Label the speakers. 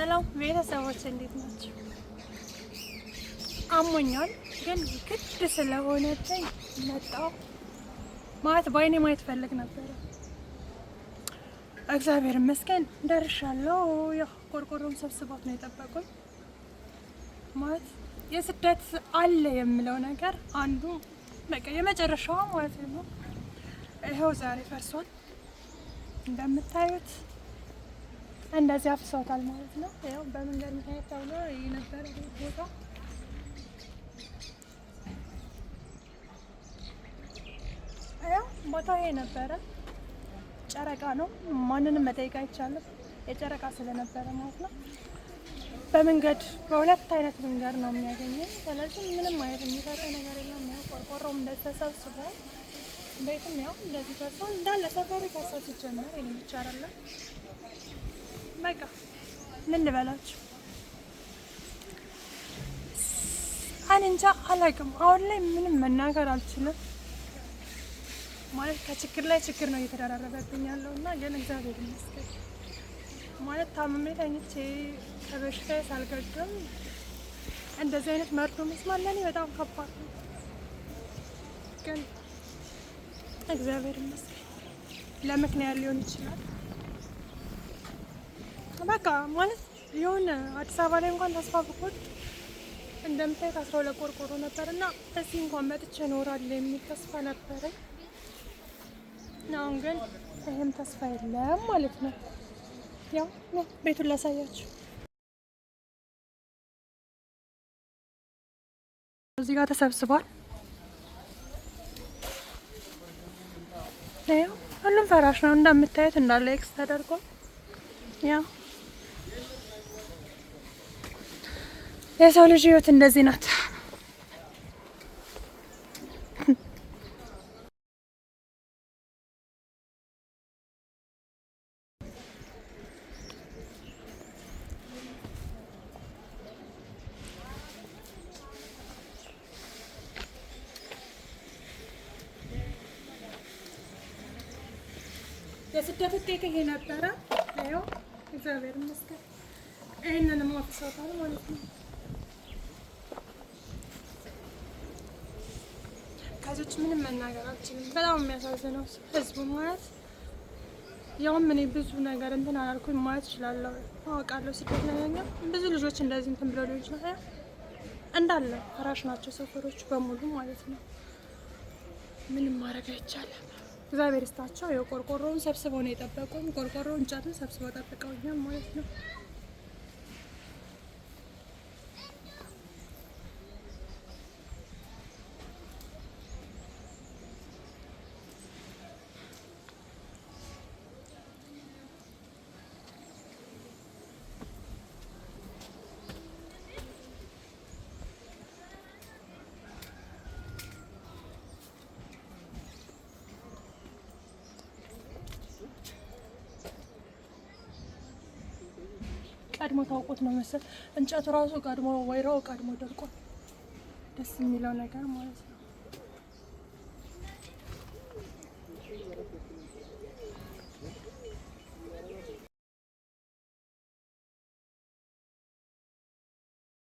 Speaker 1: ሰላም ቤተሰቦች እንዴት ናቸው? አሞኛል ግን ግድ ስለሆነብኝ መጣሁ። ማለት በአይኔ ማየት ፈልግ ነበረ። እግዚአብሔር ይመስገን ደርሻለሁ። ያው ቆርቆሮም ሰብስባት ነው የጠበቁኝ። ማለት የስደት አለ የምለው ነገር አንዱ በቃ የመጨረሻዋ ማለት ነው። ይኸው ዛሬ ፈርሷል እንደምታዩት እንደዚህ አፍሰውታል ማለት ነው። ያው በመንገድ ምክንያት ተብሎ የነበረ ቦታ ያው ቦታው ይሄ ነበረ። ጨረቃ ነው። ማንንም መጠየቅ አይቻልም። የጨረቃ ስለነበረ ማለት ነው። በመንገድ በሁለት አይነት መንገድ ነው የሚያገኘ። ስለዚህ ምንም አይነት የሚፈጠ ነገር የለም። ያው ቆርቆሮም እንደተሰብስቧል። ቤትም ያው እንደዚህ ፈርሷል። እንዳለ ሰፈሩ ፈርሷል። ሲጀመር ይቻላለን በቃ ምን ልበላችሁ እንጃ አላውቅም። አሁን ላይ ምንም መናገር አልችልም። ማለት ከችግር ላይ ችግር ነው እየተደራረበብኝ ያለው እና ግን እግዚአብሔር ይመስገን ማለት ታምሜ ተኝቼ ከበሽታ ሳልገግም እንደዚህ አይነት መርዶ መስማት ለእኔ በጣም ከባድ ነው። ግን እግዚአብሔር ይመስገን ለምክንያት ሊሆን ይችላል በቃ ማለት የሆነ አዲስ አበባ ላይ እንኳን ተስፋ ብቆርጥ እንደምታየት አስራ ሁለት ቆርቆሮ ነበር እና እዚህ እንኳን መጥቼ እኖራለሁ የሚል ተስፋ ነበረኝ። አሁን ግን ይህም ተስፋ የለም ማለት ነው። ያው ቤቱን ላሳያችሁ። እዚህ ጋር ተሰብስቧል። ሁሉም ፈራሽ ነው እንደምታየት፣ እንዳለ ኤክስ ተደርጓል ያው የሰው ልጅ ህይወት እንደዚህ ናት። የስደት ውጤት ይሄ ነበረ። ይኸው እግዚአብሔር ይመስገን ይህንንም ወቅሰውታል ማለት ነው።
Speaker 2: ተመልካቾች ምንም መናገር አልችልም። በጣም
Speaker 1: የሚያሳዝነው ህዝቡ ማለት ያውም እኔ ብዙ ነገር እንትን አላልኩኝ ማለት እችላለሁ አውቃለሁ። ስደት ነገኛ ብዙ ልጆች እንደዚህ እንትን ብለው ሊሆን ይችላል። እንዳለ ፈራሽ ናቸው ሰፈሮች በሙሉ ማለት ነው። ምንም ማድረግ አይቻልም። እግዚአብሔር ስታቸው የቆርቆሮውን ሰብስበው ነው የጠበቁኝ። ቆርቆሮ እንጨቱን ሰብስበው ጠብቀውኛል ማለት ነው። ቀድሞ ታውቆት ነው መሰል እንጨቱ ራሱ ቀድሞ ወይራው ቀድሞ ደርቋል። ደስ የሚለው ነገር ማለት ነው።